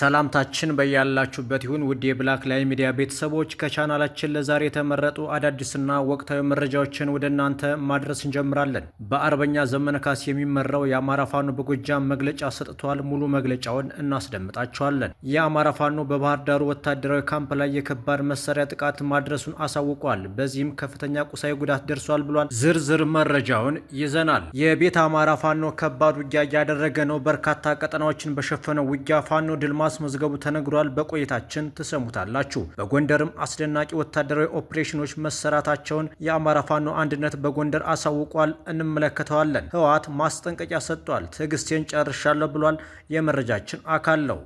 ሰላምታችን በያላችሁበት ይሁን ውድ የብላክ ላይ ሚዲያ ቤተሰቦች፣ ከቻናላችን ለዛሬ የተመረጡ አዳዲስና ወቅታዊ መረጃዎችን ወደ እናንተ ማድረስ እንጀምራለን። በአርበኛ ዘመነ ካስ የሚመራው የአማራ ፋኖ በጎጃም መግለጫ ሰጥቷል። ሙሉ መግለጫውን እናስደምጣቸዋለን። የአማራ ፋኖ በባህር ዳሩ ወታደራዊ ካምፕ ላይ የከባድ መሳሪያ ጥቃት ማድረሱን አሳውቋል። በዚህም ከፍተኛ ቁሳዊ ጉዳት ደርሷል ብሏል። ዝርዝር መረጃውን ይዘናል። የቤት አማራ ፋኖ ከባድ ውጊያ እያደረገ ነው። በርካታ ቀጠናዎችን በሸፈነው ውጊያ ፋኖ ድልማ ማስመዝገቡ ተነግሯል። በቆይታችን ትሰሙታላችሁ። በጎንደርም አስደናቂ ወታደራዊ ኦፕሬሽኖች መሰራታቸውን የአማራ ፋኖ አንድነት በጎንደር አሳውቋል። እንመለከተዋለን። ህወሓት ማስጠንቀቂያ ሰጥቷል። ትዕግስቴን ጨርሻለሁ ብሏል። የመረጃችን አካል ነው።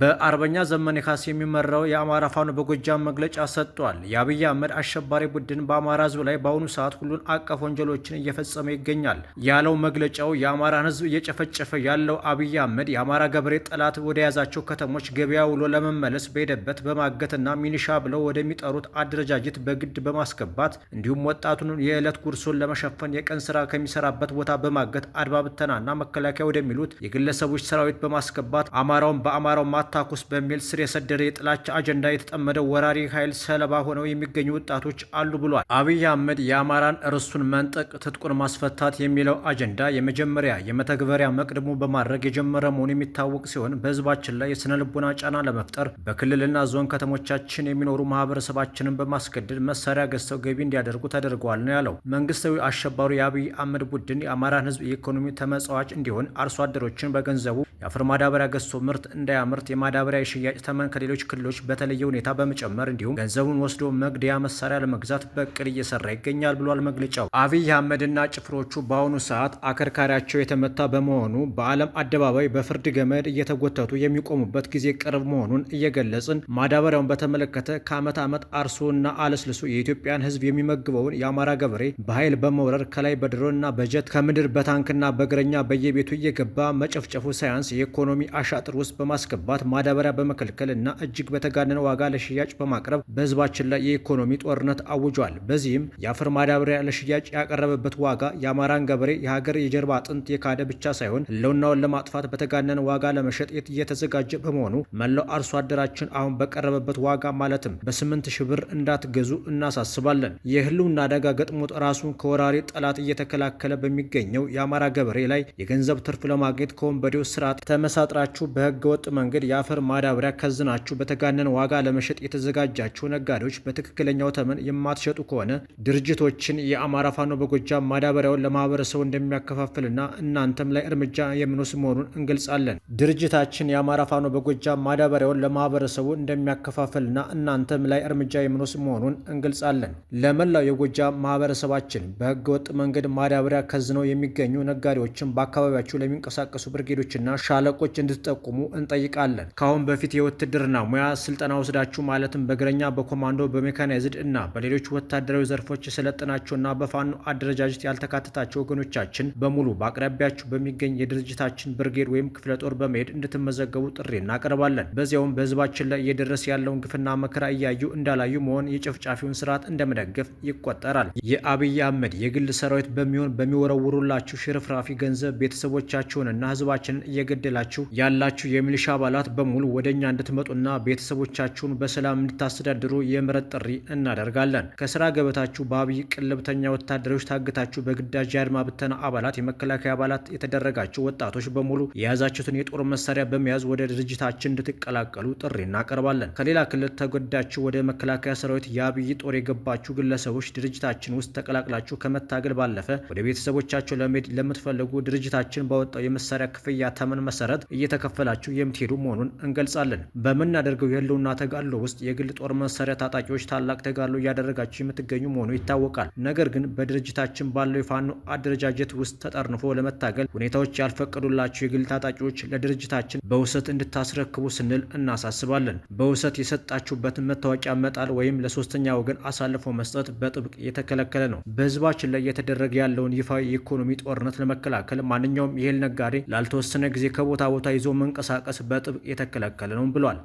በአርበኛ ዘመነ ካሴ የሚመራው የአማራ ፋኖ በጎጃም መግለጫ ሰጥቷል። የአብይ አህመድ አሸባሪ ቡድን በአማራ ህዝብ ላይ በአሁኑ ሰዓት ሁሉን አቀፍ ወንጀሎችን እየፈጸመ ይገኛል ያለው መግለጫው የአማራን ህዝብ እየጨፈጨፈ ያለው አብይ አህመድ የአማራ ገበሬ ጠላት ወደ ያዛቸው ከተሞች ገበያ ውሎ ለመመለስ በሄደበት በማገትና ሚኒሻ ብለው ወደሚጠሩት አደረጃጀት በግድ በማስገባት እንዲሁም ወጣቱን የዕለት ጉርሱን ለመሸፈን የቀን ስራ ከሚሰራበት ቦታ በማገት አድባብተናና መከላከያ ወደሚሉት የግለሰቦች ሰራዊት በማስገባት አማራውን በአማራው አታኩስ በሚል ስር የሰደደ የጥላቻ አጀንዳ የተጠመደው ወራሪ ኃይል ሰለባ ሆነው የሚገኙ ወጣቶች አሉ ብሏል። አብይ አህመድ የአማራን እርሱን መንጠቅ ትጥቁን ማስፈታት የሚለው አጀንዳ የመጀመሪያ የመተግበሪያ መቅድሙ በማድረግ የጀመረ መሆኑ የሚታወቅ ሲሆን በህዝባችን ላይ የስነ ልቦና ጫና ለመፍጠር በክልልና ዞን ከተሞቻችን የሚኖሩ ማህበረሰባችንን በማስገደድ መሳሪያ ገዝተው ገቢ እንዲያደርጉ ተደርገዋል ነው ያለው። መንግስታዊ አሸባሪ የአብይ አህመድ ቡድን የአማራን ህዝብ የኢኮኖሚ ተመጽዋች እንዲሆን አርሶ አደሮችን በገንዘቡ የአፈር ማዳበሪያ ገዝቶ ምርት እንዳያምርት ምርት የማዳበሪያ የሽያጭ ተመን ከሌሎች ክልሎች በተለየ ሁኔታ በመጨመር እንዲሁም ገንዘቡን ወስዶ መግደያ መሳሪያ ለመግዛት በቅል እየሰራ ይገኛል ብሏል መግለጫው። አብይ አህመድና ጭፍሮቹ በአሁኑ ሰዓት አከርካሪያቸው የተመታ በመሆኑ በዓለም አደባባይ በፍርድ ገመድ እየተጎተቱ የሚቆሙበት ጊዜ ቅርብ መሆኑን እየገለጽን ማዳበሪያውን በተመለከተ ከዓመት ዓመት አርሶና አለስልሶ የኢትዮጵያን ሕዝብ የሚመግበውን የአማራ ገበሬ በኃይል በመውረር ከላይ በድሮንና በጀት ከምድር በታንክና በእግረኛ በየቤቱ እየገባ መጨፍጨፉ ሳያንስ የኢኮኖሚ አሻጥር ውስጥ በማስገባት በማጥፋት ማዳበሪያ በመከልከል እና እጅግ በተጋነነ ዋጋ ለሽያጭ በማቅረብ በህዝባችን ላይ የኢኮኖሚ ጦርነት አውጇል። በዚህም የአፈር ማዳበሪያ ለሽያጭ ያቀረበበት ዋጋ የአማራን ገበሬ የሀገር የጀርባ አጥንት የካደ ብቻ ሳይሆን ህልውናውን ለማጥፋት በተጋነነ ዋጋ ለመሸጥ እየተዘጋጀ በመሆኑ መላው አርሶ አደራችን አሁን በቀረበበት ዋጋ ማለትም በስምንት ሺህ ብር እንዳትገዙ እናሳስባለን። የህልውና አደጋ ገጥሞት ራሱን ከወራሪ ጠላት እየተከላከለ በሚገኘው የአማራ ገበሬ ላይ የገንዘብ ትርፍ ለማግኘት ከወንበዴው ስርዓት ተመሳጥራችሁ በህገወጥ መንገድ በመውሰድ የአፈር ማዳበሪያ ከዝናችሁ በተጋነን ዋጋ ለመሸጥ የተዘጋጃችሁ ነጋዴዎች በትክክለኛው ተመን የማትሸጡ ከሆነ ድርጅቶችን የአማራ ፋኖ በጎጃም ማዳበሪያውን ለማህበረሰቡ እንደሚያከፋፍልና እናንተም ላይ እርምጃ የምንወስድ መሆኑን እንገልጻለን። ድርጅታችን የአማራ ፋኖ በጎጃም ማዳበሪያውን ለማህበረሰቡ እንደሚያከፋፍልና እናንተም ላይ እርምጃ የምንወስድ መሆኑን እንገልጻለን። ለመላው የጎጃም ማህበረሰባችን በህገወጥ መንገድ ማዳበሪያ ከዝነው የሚገኙ ነጋዴዎችን በአካባቢያችሁ ለሚንቀሳቀሱ ብርጌዶችና ሻለቆች እንድትጠቁሙ እንጠይቃለን። እናለን። ከአሁን በፊት የውትድርና ሙያ ስልጠና ወስዳችሁ ማለትም በእግረኛ፣ በኮማንዶ፣ በሜካናይዝድ እና በሌሎች ወታደራዊ ዘርፎች የሰለጠናችሁና በፋኖ አደረጃጀት ያልተካተታቸው ወገኖቻችን በሙሉ በአቅራቢያችሁ በሚገኝ የድርጅታችን ብርጌድ ወይም ክፍለ ጦር በመሄድ እንድትመዘገቡ ጥሪ እናቀርባለን። በዚያውም በህዝባችን ላይ እየደረሰ ያለውን ግፍና መከራ እያዩ እንዳላዩ መሆን የጨፍጫፊውን ስርዓት እንደመደገፍ ይቆጠራል። የአብይ አህመድ የግል ሰራዊት በሚሆን በሚወረውሩላችሁ ሽርፍራፊ ገንዘብ ቤተሰቦቻችሁንና ህዝባችንን እየገደላችሁ ያላችሁ የሚሊሻ አባላት ዓመታት በሙሉ ወደ እኛ እንድትመጡና ቤተሰቦቻችሁን በሰላም እንድታስተዳድሩ የምረት ጥሪ እናደርጋለን። ከስራ ገበታችሁ በአብይ ቅልብተኛ ወታደሮች ታግታችሁ በግዳጅ የአድማ ብተና አባላት፣ የመከላከያ አባላት የተደረጋችሁ ወጣቶች በሙሉ የያዛችሁትን የጦር መሳሪያ በመያዝ ወደ ድርጅታችን እንድትቀላቀሉ ጥሪ እናቀርባለን። ከሌላ ክልል ተጎዳችሁ ወደ መከላከያ ሰራዊት የአብይ ጦር የገባችሁ ግለሰቦች ድርጅታችን ውስጥ ተቀላቅላችሁ ከመታገል ባለፈ ወደ ቤተሰቦቻቸው ለመሄድ ለምትፈልጉ ድርጅታችን ባወጣው የመሳሪያ ክፍያ ተመን መሰረት እየተከፈላችሁ የምትሄዱ መሆኑ መሆኑን እንገልጻለን። በምናደርገው የህልውና ተጋድሎ ውስጥ የግል ጦር መሳሪያ ታጣቂዎች ታላቅ ተጋድሎ እያደረጋቸው የምትገኙ መሆኑ ይታወቃል። ነገር ግን በድርጅታችን ባለው የፋኖ አደረጃጀት ውስጥ ተጠርንፎ ለመታገል ሁኔታዎች ያልፈቀዱላቸው የግል ታጣቂዎች ለድርጅታችን በውሰት እንድታስረክቡ ስንል እናሳስባለን። በውሰት የሰጣችሁበትን መታወቂያ መጣል ወይም ለሶስተኛ ወገን አሳልፎ መስጠት በጥብቅ የተከለከለ ነው። በህዝባችን ላይ እየተደረገ ያለውን ይፋ የኢኮኖሚ ጦርነት ለመከላከል ማንኛውም የእህል ነጋዴ ላልተወሰነ ጊዜ ከቦታ ቦታ ይዞ መንቀሳቀስ በጥብቅ የተከለከለ ነው ብሏል።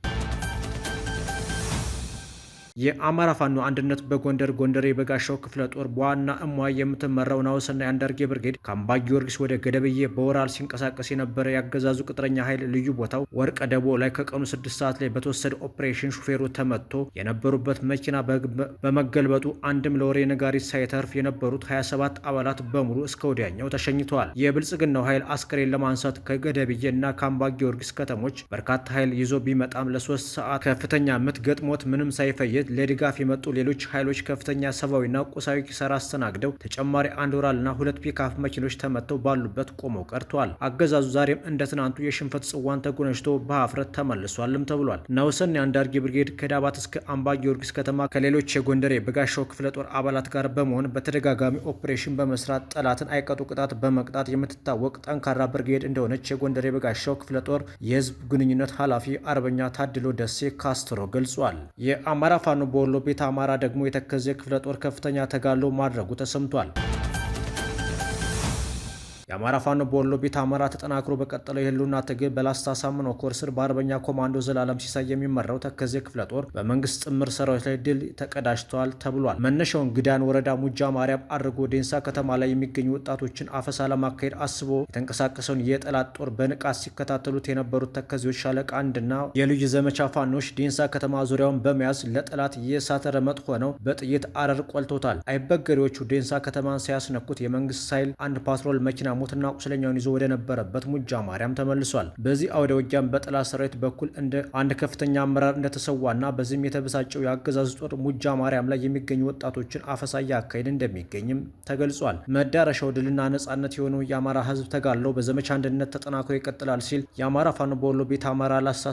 የአማራ ፋኖ አንድነት በጎንደር ጎንደር የበጋሻው ክፍለ ጦር በዋና እሟ የምትመራው ናሁሰናይ አንዳርጌ ብርጌድ ከአምባ ጊዮርጊስ ወደ ገደብዬ በወራል ሲንቀሳቀስ የነበረ ያገዛዙ ቅጥረኛ ኃይል ልዩ ቦታው ወርቀ ደቦ ላይ ከቀኑ ስድስት ሰዓት ላይ በተወሰደ ኦፕሬሽን ሹፌሩ ተመትቶ የነበሩበት መኪና በመገልበጡ አንድም ለወሬ ነጋሪት ሳይተርፍ የነበሩት 27 አባላት በሙሉ እስከ ወዲያኛው ተሸኝተዋል። የብልጽግናው ኃይል አስከሬን ለማንሳት ከገደብዬ እና ከአምባ ጊዮርጊስ ከተሞች በርካታ ኃይል ይዞ ቢመጣም ለሶስት ሰዓት ከፍተኛ ምት ገጥሞት ምንም ሳይፈየድ ለድጋፍ የመጡ ሌሎች ኃይሎች ከፍተኛ ሰብአዊና ቁሳዊ ኪሳራ አስተናግደው ተጨማሪ አንድ ወራልና ሁለት ፒካፍ መኪኖች ተመተው ባሉበት ቆመው ቀርተዋል። አገዛዙ ዛሬም እንደ ትናንቱ የሽንፈት ጽዋን ተጎነጅቶ በሀፍረት ተመልሷልም ተብሏል። ናውሰን የአንዳርጌ ብርጌድ ከዳባት እስከ አምባ ጊዮርጊስ ከተማ ከሌሎች የጎንደር የበጋሻው ክፍለ ጦር አባላት ጋር በመሆን በተደጋጋሚ ኦፕሬሽን በመስራት ጠላትን አይቀጡ ቅጣት በመቅጣት የምትታወቅ ጠንካራ ብርጌድ እንደሆነች የጎንደር የበጋሻው ክፍለ ጦር የህዝብ ግንኙነት ኃላፊ አርበኛ ታድሎ ደሴ ካስትሮ ገልጿል። የአማራ ፋኖ በወሎ ቤት አማራ ደግሞ የተከዘ ክፍለ ጦር ከፍተኛ ተጋድሎ ማድረጉ ተሰምቷል። የአማራ ፋኖ በወሎ ቤት አማራ ተጠናክሮ በቀጠለው የህልውና ትግል በላስታ ሳምኖ ኮር ስር በአርበኛ ኮማንዶ ዘላለም ሲሳይ የሚመራው ተከዜ ክፍለ ጦር በመንግስት ጥምር ሰራዊት ላይ ድል ተቀዳጅተዋል ተብሏል። መነሻውን ግዳን ወረዳ ሙጃ ማርያም አድርጎ ዴንሳ ከተማ ላይ የሚገኙ ወጣቶችን አፈሳ ለማካሄድ አስቦ የተንቀሳቀሰውን የጠላት ጦር በንቃት ሲከታተሉት የነበሩት ተከዜዎች ሻለቃ አንድና የልዩ ዘመቻ ፋኖች ዴንሳ ከተማ ዙሪያውን በመያዝ ለጠላት የእሳተ ረመጥ ሆነው በጥይት አረር ቆልቶታል። አይበገሬዎቹ ዴንሳ ከተማን ሲያስነኩት የመንግስት ኃይል አንድ ፓትሮል መኪና ሙትና ቁስለኛውን ይዞ ወደ ነበረበት ሙጃ ማርያም ተመልሷል። በዚህ አውደ ውጊያም በጥላ ሰራዊት በኩል እንደ አንድ ከፍተኛ አመራር እንደተሰዋና በዚህም የተበሳጨው የአገዛዝ ጦር ሙጃ ማርያም ላይ የሚገኙ ወጣቶችን አፈሳ እያካሄደ እንደሚገኝም ተገልጿል። መዳረሻው ድልና ነጻነት የሆነው የአማራ ህዝብ ተጋድሎ በዘመቻ አንድነት ተጠናክሮ ይቀጥላል ሲል የአማራ ፋኖ በወሎ ቤት አማራ ላሳ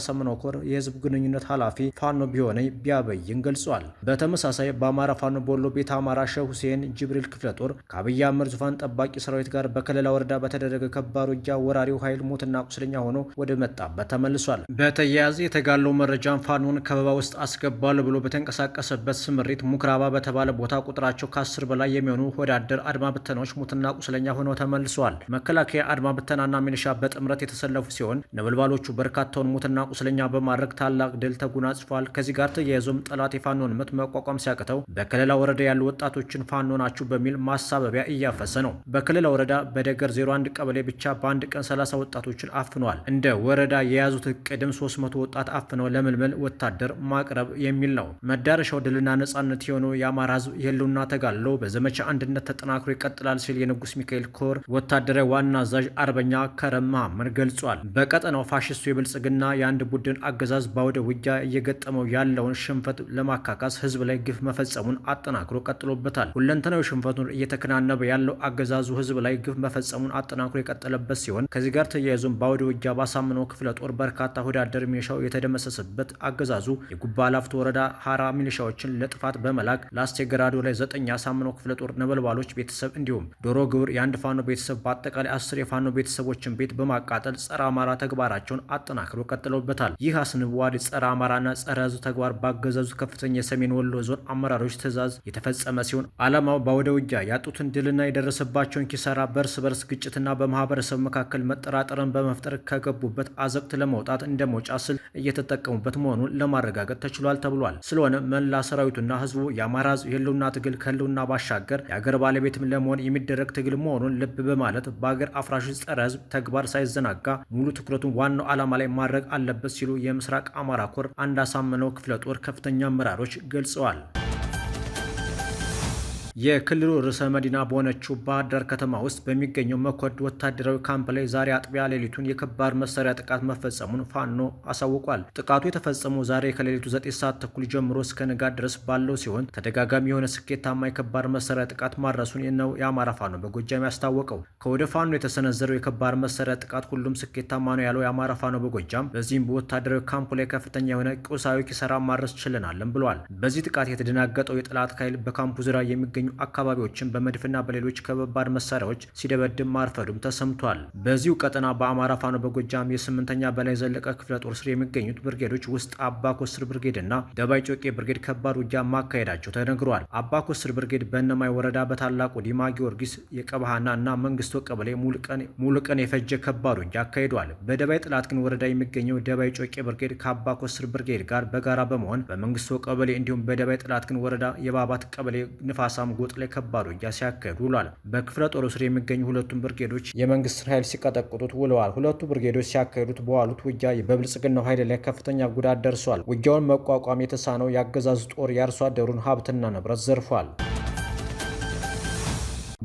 ኮር የህዝብ ግንኙነት ኃላፊ ፋኖ ቢሆነኝ ቢያበይን ገልጿል። በተመሳሳይ በአማራ ፋኖ በወሎ ቤት አማራ ሸ ሁሴን ጅብሪል ክፍለ ጦር ከአብይ አህመድ ዙፋን ጠባቂ ሰራዊት ጋር በከለላ ወረዳ በተደረገ ከባድ ውጊያ ወራሪው ኃይል ሞትና ቁስለኛ ሆኖ ወደ መጣበት ተመልሷል። በተያያዘ የተጋለው መረጃን ፋኖን ከበባ ውስጥ አስገባል ብሎ በተንቀሳቀሰበት ስምሪት ሙክራባ በተባለ ቦታ ቁጥራቸው ከአስር በላይ የሚሆኑ ወዳደር አድማ ብተናዎች ሞትና ቁስለኛ ሆነው ተመልሷል። መከላከያ አድማ ብተናና ሚኒሻ በጥምረት የተሰለፉ ሲሆን ነበልባሎቹ በርካታውን ሞትና ቁስለኛ በማድረግ ታላቅ ድል ተጎናጽፏል። ከዚህ ጋር ተያይዞም ጠላት የፋኖን ምት መቋቋም ሲያቅተው በከለላ ወረዳ ያሉ ወጣቶችን ፋኖ ናችሁ በሚል ማሳበቢያ እያፈሰ ነው። በከለላ ወረዳ በደገ በሸገር 01 ቀበሌ ብቻ በአንድ ቀን 30 ወጣቶችን አፍኗል። እንደ ወረዳ የያዙት እቅድም 300 ወጣት አፍነው ለምልምል ወታደር ማቅረብ የሚል ነው። መዳረሻው ድልና ነጻነት የሆነው የአማራ ህዝብ የህልውና ተጋድሎ በዘመቻ አንድነት ተጠናክሮ ይቀጥላል ሲል የንጉስ ሚካኤል ኮር ወታደራዊ ዋና አዛዥ አርበኛ ከረም መሐመድ ገልጿል። በቀጠናው ፋሽስቱ የብልጽግና የአንድ ቡድን አገዛዝ በአውደ ውጊያ እየገጠመው ያለውን ሽንፈት ለማካካስ ህዝብ ላይ ግፍ መፈጸሙን አጠናክሮ ቀጥሎበታል። ሁለንተናዊ ሽንፈቱን እየተከናነበ ያለው አገዛዙ ህዝብ ላይ ግፍ መፈጸ መፈጸሙን አጠናክሮ የቀጠለበት ሲሆን ከዚህ ጋር ተያይዞም በአውደ ውጊያ ባሳምነው ክፍለ ጦር በርካታ ሆዳደር ሚሊሻው የተደመሰሰበት አገዛዙ የጉባ ላፍቶ ወረዳ ሀራ ሚሊሻዎችን ለጥፋት በመላክ ላስቴ ገራዶ ላይ ዘጠኝ አሳምነው ክፍለ ጦር ነበልባሎች ቤተሰብ እንዲሁም ዶሮ ግብር የአንድ ፋኖ ቤተሰብ በአጠቃላይ አስር የፋኖ ቤተሰቦችን ቤት በማቃጠል ጸረ አማራ ተግባራቸውን አጠናክሮ ቀጥለውበታል። ይህ አስንዋድ ጸረ አማራና ጸረ ህዝብ ተግባር ባገዛዙ ከፍተኛ የሰሜን ወሎ ዞን አመራሮች ትዕዛዝ የተፈጸመ ሲሆን አላማው በአውደ ውጊያ ያጡትን ድልና የደረሰባቸውን ኪሳራ በርስ በርስ በእርስ ግጭትና በማህበረሰብ መካከል መጠራጠርን በመፍጠር ከገቡበት አዘቅት ለመውጣት እንደ መውጫ ስልት እየተጠቀሙበት መሆኑን ለማረጋገጥ ተችሏል ተብሏል። ስለሆነ መላ ሰራዊቱና ህዝቡ የአማራ ህዝብ የህልውና ትግል ከህልውና ባሻገር የአገር ባለቤትም ለመሆን የሚደረግ ትግል መሆኑን ልብ በማለት በአገር አፍራሽ ጸረ ህዝብ ተግባር ሳይዘናጋ ሙሉ ትኩረቱን ዋናው ዓላማ ላይ ማድረግ አለበት ሲሉ የምስራቅ አማራ ኮር አንድ አሳምነው ክፍለ ጦር ከፍተኛ አመራሮች ገልጸዋል። የክልሉ ርዕሰ መዲና በሆነችው ባህር ዳር ከተማ ውስጥ በሚገኘው መኮድ ወታደራዊ ካምፕ ላይ ዛሬ አጥቢያ ሌሊቱን የከባድ መሳሪያ ጥቃት መፈጸሙን ፋኖ አሳውቋል። ጥቃቱ የተፈጸመው ዛሬ ከሌሊቱ ዘጠኝ ሰዓት ተኩል ጀምሮ እስከ ንጋት ድረስ ባለው ሲሆን ተደጋጋሚ የሆነ ስኬታማ የከባድ መሳሪያ ጥቃት ማድረሱን ነው የአማራ ፋኖ በጎጃም ያስታወቀው። ከወደ ፋኖ የተሰነዘረው የከባድ መሳሪያ ጥቃት ሁሉም ስኬታማ ነው ያለው የአማራ ፋኖ በጎጃም በዚህም በወታደራዊ ካምፕ ላይ ከፍተኛ የሆነ ቁሳዊ ኪሳራ ማድረስ ችለናለን ብሏል። በዚህ ጥቃት የተደናገጠው የጠላት ኃይል በካምፑ ዙሪያ የሚገኘ የሚገኙ አካባቢዎችን በመድፍና በሌሎች ከባድ መሳሪያዎች ሲደበድብ ማርፈዱም ተሰምቷል። በዚሁ ቀጠና በአማራ ፋኖ በጎጃም የስምንተኛ በላይ ዘለቀ ክፍለ ጦር ስር የሚገኙት ብርጌዶች ውስጥ አባኮስር ብርጌድ እና ደባይ ጮቄ ብርጌድ ከባድ ውጊያ ማካሄዳቸው ተነግሯል። ኮስር ብርጌድ በእነማይ ወረዳ በታላቁ ዲማ ጊዮርጊስ የቀባሃና እና መንግስቶ ቀበሌ ሙሉቀን የፈጀ ከባድ ውጊያ አካሂዷል። በደባይ ጥላት ግን ወረዳ የሚገኘው ደባይ ጮቄ ብርጌድ ኮስር ብርጌድ ጋር በጋራ በመሆን በመንግስቶ ቀበሌ እንዲሁም በደባይ ጥላት ግን ወረዳ የባባት ቀበሌ ንፋሳም በማጎጥ ላይ ከባድ ውጊያ ሲያካሂዱ ውሏል። በክፍለ ጦሩ ስር የሚገኙ ሁለቱም ብርጌዶች የመንግስትን ኃይል ሲቀጠቅጡት ውለዋል። ሁለቱ ብርጌዶች ሲያካሂዱት በዋሉት ውጊያ በብልጽግናው ኃይል ላይ ከፍተኛ ጉዳት ደርሷል። ውጊያውን መቋቋም የተሳነው የአገዛዝ ጦር የአርሶ አደሩን ሀብትና ንብረት ዘርፏል።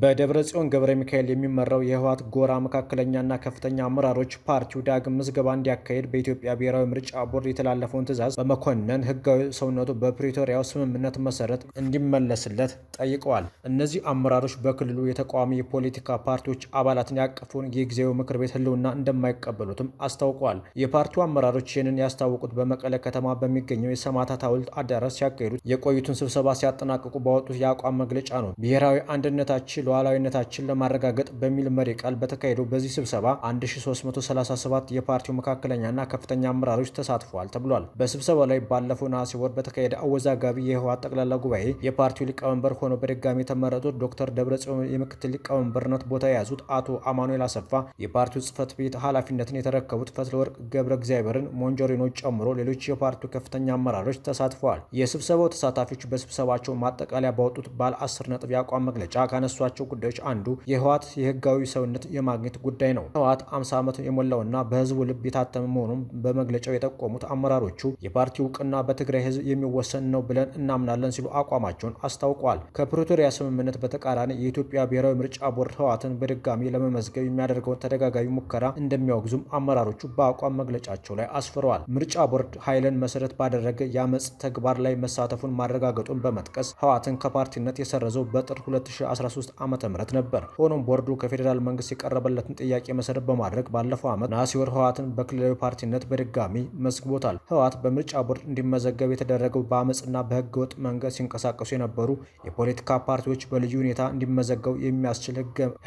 በደብረ ጽዮን ገብረ ሚካኤል የሚመራው የህወሓት ጎራ መካከለኛና ከፍተኛ አመራሮች ፓርቲው ዳግም ምዝገባ እንዲያካሄድ በኢትዮጵያ ብሔራዊ ምርጫ ቦርድ የተላለፈውን ትዕዛዝ በመኮንን ህጋዊ ሰውነቱ በፕሪቶሪያው ስምምነት መሰረት እንዲመለስለት ጠይቀዋል። እነዚህ አመራሮች በክልሉ የተቃዋሚ የፖለቲካ ፓርቲዎች አባላትን ያቀፈውን የጊዜያዊ ምክር ቤት ህልውና እንደማይቀበሉትም አስታውቀዋል። የፓርቲው አመራሮች ይህንን ያስታወቁት በመቀለ ከተማ በሚገኘው የሰማዕታት ሐውልት አዳራሽ ሲያካሄዱት የቆዩትን ስብሰባ ሲያጠናቅቁ ባወጡት የአቋም መግለጫ ነው። ብሔራዊ አንድነታችን ሉዓላዊነታችን ለማረጋገጥ በሚል መሪ ቃል በተካሄደው በዚህ ስብሰባ 1337 የፓርቲው መካከለኛና ከፍተኛ አመራሮች ተሳትፈዋል ተብሏል። በስብሰባው ላይ ባለፈው ነሐሴ ወር በተካሄደ አወዛጋቢ የህወሓት ጠቅላላ ጉባኤ የፓርቲው ሊቀመንበር ሆኖ በድጋሚ የተመረጡት ዶክተር ደብረጽዮን የምክትል ሊቀመንበርነት ቦታ የያዙት አቶ አማኑኤል አሰፋ የፓርቲው ጽህፈት ቤት ኃላፊነትን የተረከቡት ፈትለወርቅ ገብረ እግዚአብሔርን ሞንጆሪኖች ጨምሮ ሌሎች የፓርቲው ከፍተኛ አመራሮች ተሳትፈዋል። የስብሰባው ተሳታፊዎች በስብሰባቸው ማጠቃለያ ባወጡት ባለ አስር ነጥብ የአቋም መግለጫ ካነሷቸው ከሚያነሷቸው ጉዳዮች አንዱ የህወሓት የህጋዊ ሰውነት የማግኘት ጉዳይ ነው። ህወሓት 50 ዓመት የሞላውና በህዝቡ ልብ የታተመ መሆኑን በመግለጫው የጠቆሙት አመራሮቹ የፓርቲ እውቅና በትግራይ ህዝብ የሚወሰን ነው ብለን እናምናለን ሲሉ አቋማቸውን አስታውቋል። ከፕሪቶሪያ ስምምነት በተቃራኒ የኢትዮጵያ ብሔራዊ ምርጫ ቦርድ ህወሓትን በድጋሚ ለመመዝገብ የሚያደርገውን ተደጋጋሚ ሙከራ እንደሚያወግዙም አመራሮቹ በአቋም መግለጫቸው ላይ አስፍረዋል። ምርጫ ቦርድ ኃይልን መሰረት ባደረገ የአመፅ ተግባር ላይ መሳተፉን ማረጋገጡን በመጥቀስ ህወሓትን ከፓርቲነት የሰረዘው በጥር 2013 ዓመተ ምህረት ነበር። ሆኖም ቦርዱ ከፌዴራል መንግስት የቀረበለትን ጥያቄ መሰረት በማድረግ ባለፈው ዓመት ነሐሴ ወር ህወሓትን በክልላዊ ፓርቲነት በድጋሚ መስግቦታል። ህወሓት በምርጫ ቦርድ እንዲመዘገብ የተደረገው በአመፅና በህገ ወጥ መንገድ ሲንቀሳቀሱ የነበሩ የፖለቲካ ፓርቲዎች በልዩ ሁኔታ እንዲመዘገቡ የሚያስችል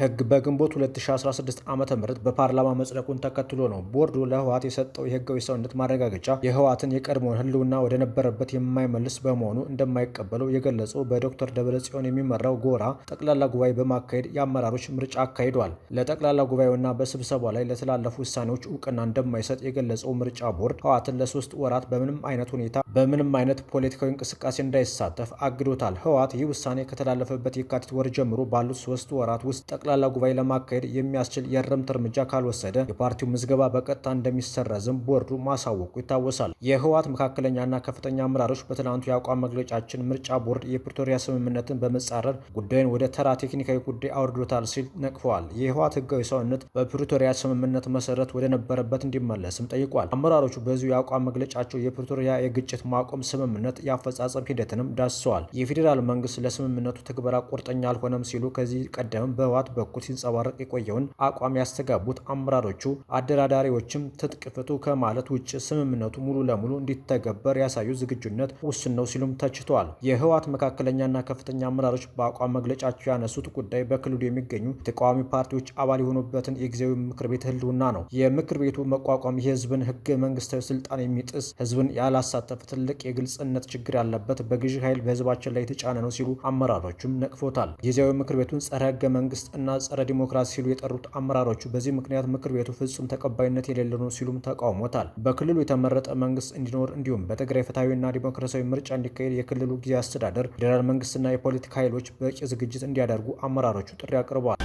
ህግ በግንቦት 2016 ዓ ም በፓርላማ መጽደቁን ተከትሎ ነው። ቦርዱ ለህወሓት የሰጠው የህጋዊ ሰውነት ማረጋገጫ የህወሓትን የቀድሞውን ህልውና ወደነበረበት የማይመልስ በመሆኑ እንደማይቀበለው የገለጸው በዶክተር ደብረ የሚመራው ጎራ ጠቅላላ ጉባኤ ጉባኤ በማካሄድ የአመራሮች ምርጫ አካሂዷል። ለጠቅላላ ጉባኤውና በስብሰባው ላይ ለተላለፉ ውሳኔዎች እውቅና እንደማይሰጥ የገለጸው ምርጫ ቦርድ ህወሓትን ለሶስት ወራት በምንም አይነት ሁኔታ በምንም አይነት ፖለቲካዊ እንቅስቃሴ እንዳይሳተፍ አግዶታል። ህወሓት ይህ ውሳኔ ከተላለፈበት የካቲት ወር ጀምሮ ባሉት ሶስት ወራት ውስጥ ጠቅላላ ጉባኤ ለማካሄድ የሚያስችል የእርምት እርምጃ ካልወሰደ የፓርቲው ምዝገባ በቀጥታ እንደሚሰረዝም ቦርዱ ማሳወቁ ይታወሳል። የህወሓት መካከለኛና ከፍተኛ አመራሮች በትናንቱ የአቋም መግለጫችን ምርጫ ቦርድ የፕሪቶሪያ ስምምነትን በመጻረር ጉዳዩን ወደ ተራ ቴክኒካዊ ጉዳይ አውርዶታል ሲል ነቅፈዋል። የህወሓት ህጋዊ ሰውነት በፕሪቶሪያ ስምምነት መሰረት ወደ ነበረበት እንዲመለስም ጠይቋል። አመራሮቹ በዚሁ የአቋም መግለጫቸው የፕሪቶሪያ የግጭት ማቆም ስምምነት የአፈጻጸም ሂደትንም ዳስሰዋል። የፌዴራል መንግስት ለስምምነቱ ትግበራ ቁርጠኛ አልሆነም ሲሉ ከዚህ ቀደም በህወሓት በኩል ሲንጸባረቅ የቆየውን አቋም ያስተጋቡት አመራሮቹ አደራዳሪዎችም ትጥቅ ፍቱ ከማለት ውጭ ስምምነቱ ሙሉ ለሙሉ እንዲተገበር ያሳዩ ዝግጁነት ውስን ነው ሲሉም ተችቷል። የህወሓት መካከለኛና ከፍተኛ አመራሮች በአቋም መግለጫቸው ያነሱት የለውጡ ጉዳይ በክልሉ የሚገኙ ተቃዋሚ ፓርቲዎች አባል የሆኑበትን የጊዜያዊ ምክር ቤት ህልውና ነው። የምክር ቤቱ መቋቋም የህዝብን ህገ መንግስታዊ ስልጣን የሚጥስ ህዝብን ያላሳተፈ ትልቅ የግልጽነት ችግር ያለበት በግዢ ኃይል በህዝባችን ላይ የተጫነ ነው ሲሉ አመራሮቹም ነቅፎታል። ጊዜያዊ ምክር ቤቱን ጸረ ህገ መንግስት እና ጸረ ዲሞክራሲ ሲሉ የጠሩት አመራሮቹ በዚህ ምክንያት ምክር ቤቱ ፍጹም ተቀባይነት የሌለ ነው ሲሉም ተቃውሞታል። በክልሉ የተመረጠ መንግስት እንዲኖር እንዲሁም በትግራይ ፍትሐዊና ዲሞክራሲያዊ ምርጫ እንዲካሄድ የክልሉ ጊዜ አስተዳደር ፌዴራል መንግስትና የፖለቲካ ኃይሎች በቂ ዝግጅት እንዲያደርጉ አመራሮቹ ጥሪ አቅርበዋል።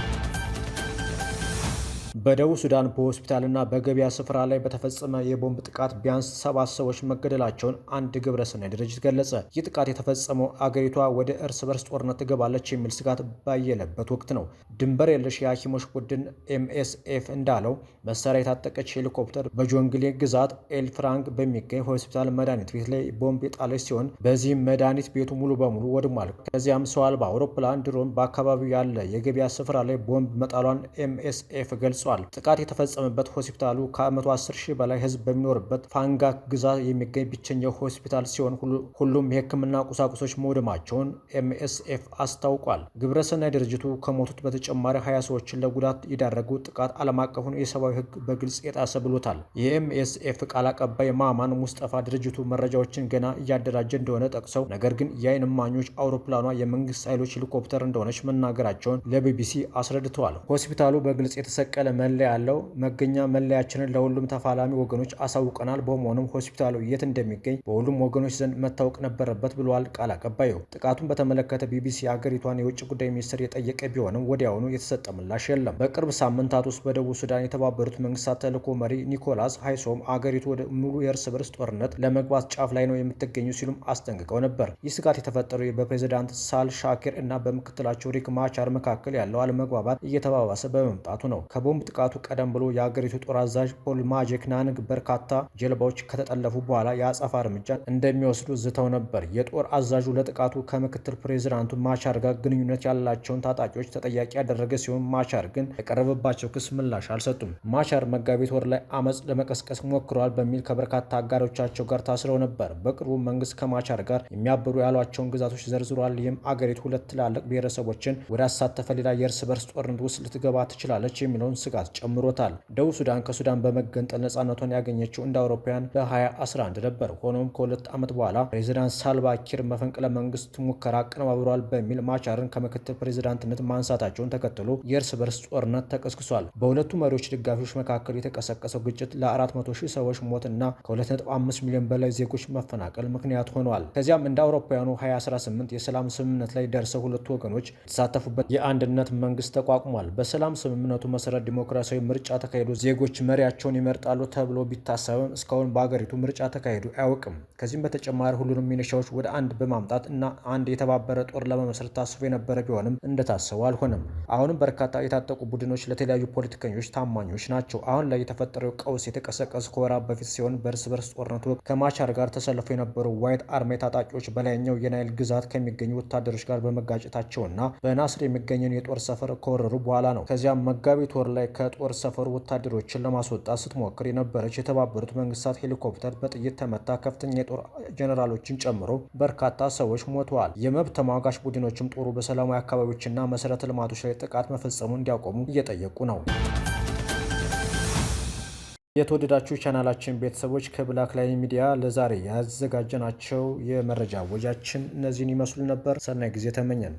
በደቡብ ሱዳን በሆስፒታልና በገበያ ስፍራ ላይ በተፈጸመ የቦምብ ጥቃት ቢያንስ ሰባት ሰዎች መገደላቸውን አንድ ግብረሰናይ ድርጅት ገለጸ። ይህ ጥቃት የተፈጸመው አገሪቷ ወደ እርስ በርስ ጦርነት ትገባለች የሚል ስጋት ባየለበት ወቅት ነው። ድንበር የለሽ የሐኪሞች ቡድን ኤምኤስኤፍ እንዳለው መሳሪያ የታጠቀች ሄሊኮፕተር በጆንግሌ ግዛት ኤልፍራንግ በሚገኝ ሆስፒታል መድኃኒት ቤት ላይ ቦምብ የጣለች ሲሆን በዚህም መድኃኒት ቤቱ ሙሉ በሙሉ ወድሟል። ከዚያም ሰው አልባ አውሮፕላን ድሮን በአካባቢው ያለ የገበያ ስፍራ ላይ ቦምብ መጣሏን ኤምኤስኤፍ ገልጿል። ገልጿል። ጥቃት የተፈጸመበት ሆስፒታሉ ከ110 ሺህ በላይ ህዝብ በሚኖርበት ፋንጋክ ግዛት የሚገኝ ብቸኛው ሆስፒታል ሲሆን ሁሉም የህክምና ቁሳቁሶች መውደማቸውን ኤምኤስኤፍ አስታውቋል። ግብረሰናይ ድርጅቱ ከሞቱት በተጨማሪ ሀያ ሰዎችን ለጉዳት የዳረጉ ጥቃት ዓለም አቀፉን የሰብአዊ ህግ በግልጽ የጣሰ ብሎታል። የኤምኤስኤፍ ቃል አቀባይ ማማን ሙስጠፋ ድርጅቱ መረጃዎችን ገና እያደራጀ እንደሆነ ጠቅሰው ነገር ግን የአይን እማኞች አውሮፕላኗ የመንግስት ኃይሎች ሄሊኮፕተር እንደሆነች መናገራቸውን ለቢቢሲ አስረድተዋል። ሆስፒታሉ በግልጽ የተሰቀለ መለያ አለው። መገኛ መለያችንን ለሁሉም ተፋላሚ ወገኖች አሳውቀናል። በመሆኑም ሆስፒታሉ የት እንደሚገኝ በሁሉም ወገኖች ዘንድ መታወቅ ነበረበት ብለዋል ቃል አቀባዩ። ጥቃቱን በተመለከተ ቢቢሲ ሀገሪቷን የውጭ ጉዳይ ሚኒስትር የጠየቀ ቢሆንም ወዲያውኑ የተሰጠ ምላሽ የለም። በቅርብ ሳምንታት ውስጥ በደቡብ ሱዳን የተባበሩት መንግስታት ተልዕኮ መሪ ኒኮላስ ሃይሶም አገሪቱ ወደ ሙሉ የእርስ በርስ ጦርነት ለመግባት ጫፍ ላይ ነው የምትገኙ ሲሉም አስጠንቅቀው ነበር። ይህ ስጋት የተፈጠረው በፕሬዚዳንት ሳል ሻኪር እና በምክትላቸው ሪክ ማቻር መካከል ያለው አለመግባባት እየተባባሰ በመምጣቱ ነው። ከቦምብ እንዲሁም ጥቃቱ ቀደም ብሎ የአገሪቱ ጦር አዛዥ ፖል ማጄክ ናንግ በርካታ ጀልባዎች ከተጠለፉ በኋላ የአጸፋ እርምጃ እንደሚወስዱ ዝተው ነበር። የጦር አዛዡ ለጥቃቱ ከምክትል ፕሬዚዳንቱ ማቻር ጋር ግንኙነት ያላቸውን ታጣቂዎች ተጠያቂ ያደረገ ሲሆን ማቻር ግን የቀረበባቸው ክስ ምላሽ አልሰጡም። ማቻር መጋቢት ወር ላይ አመፅ ለመቀስቀስ ሞክረዋል በሚል ከበርካታ አጋሮቻቸው ጋር ታስረው ነበር። በቅርቡ መንግስት ከማቻር ጋር የሚያበሩ ያሏቸውን ግዛቶች ዘርዝሯል። ይህም አገሪቱ ሁለት ትላልቅ ብሔረሰቦችን ወደ አሳተፈ ሌላ የእርስ በርስ ጦርነት ውስጥ ልትገባ ትችላለች የሚለውን ስጋት ጨምሮታል። ደቡብ ሱዳን ከሱዳን በመገንጠል ነጻነቷን ያገኘችው እንደ አውሮፓውያን በ2011 ነበር። ሆኖም ከሁለት ዓመት በኋላ ፕሬዚዳንት ሳልቫኪር መፈንቅለ መንግስት ሙከራ አቀነባብሯል በሚል ማቻርን ከምክትል ፕሬዚዳንትነት ማንሳታቸውን ተከትሎ የእርስ በርስ ጦርነት ተቀስቅሷል። በሁለቱ መሪዎች ደጋፊዎች መካከል የተቀሰቀሰው ግጭት ለ400 ሺህ ሰዎች እና ከ2.5 ሚሊዮን በላይ ዜጎች መፈናቀል ምክንያት ሆኗል። ከዚያም እንደ አውሮፓውያኑ 2018 የሰላም ስምምነት ላይ ደርሰው ሁለቱ ወገኖች የተሳተፉበት የአንድነት መንግስት ተቋቁሟል። በሰላም ስምምነቱ መሰረት ዲሞክራሲያዊ ምርጫ ተካሂዶ ዜጎች መሪያቸውን ይመርጣሉ ተብሎ ቢታሰብም እስካሁን በሀገሪቱ ምርጫ ተካሂዶ አያውቅም። ከዚህም በተጨማሪ ሁሉንም ሚኒሻዎች ወደ አንድ በማምጣት እና አንድ የተባበረ ጦር ለመመስረት ታስቦ የነበረ ቢሆንም እንደታሰቡ አልሆነም። አሁንም በርካታ የታጠቁ ቡድኖች ለተለያዩ ፖለቲከኞች ታማኞች ናቸው። አሁን ላይ የተፈጠረው ቀውስ የተቀሰቀሰ ከወራ በፊት ሲሆን በእርስ በርስ ጦርነቱ ወቅት ከማቻር ጋር ተሰልፎ የነበሩ ዋይት አርሜ ታጣቂዎች በላይኛው የናይል ግዛት ከሚገኙ ወታደሮች ጋር በመጋጨታቸውና በናስር የሚገኘውን የጦር ሰፈር ከወረሩ በኋላ ነው። ከዚያም መጋቢት ወር ላይ ከጦር ሰፈሩ ወታደሮችን ለማስወጣት ስትሞክር የነበረች የተባበሩት መንግስታት ሄሊኮፕተር በጥይት ተመታ። ከፍተኛ የጦር ጀነራሎችን ጨምሮ በርካታ ሰዎች ሞተዋል። የመብት ተሟጋች ቡድኖችም ጦሩ በሰላማዊ አካባቢዎችና መሰረተ ልማቶች ላይ ጥቃት መፈጸሙ እንዲያቆሙ እየጠየቁ ነው። የተወደዳችሁ ቻናላችን ቤተሰቦች ከብላክ ላይን ሚዲያ ለዛሬ ያዘጋጀናቸው የመረጃ ወጃችን እነዚህን ይመስሉ ነበር። ሰናይ ጊዜ ተመኘን።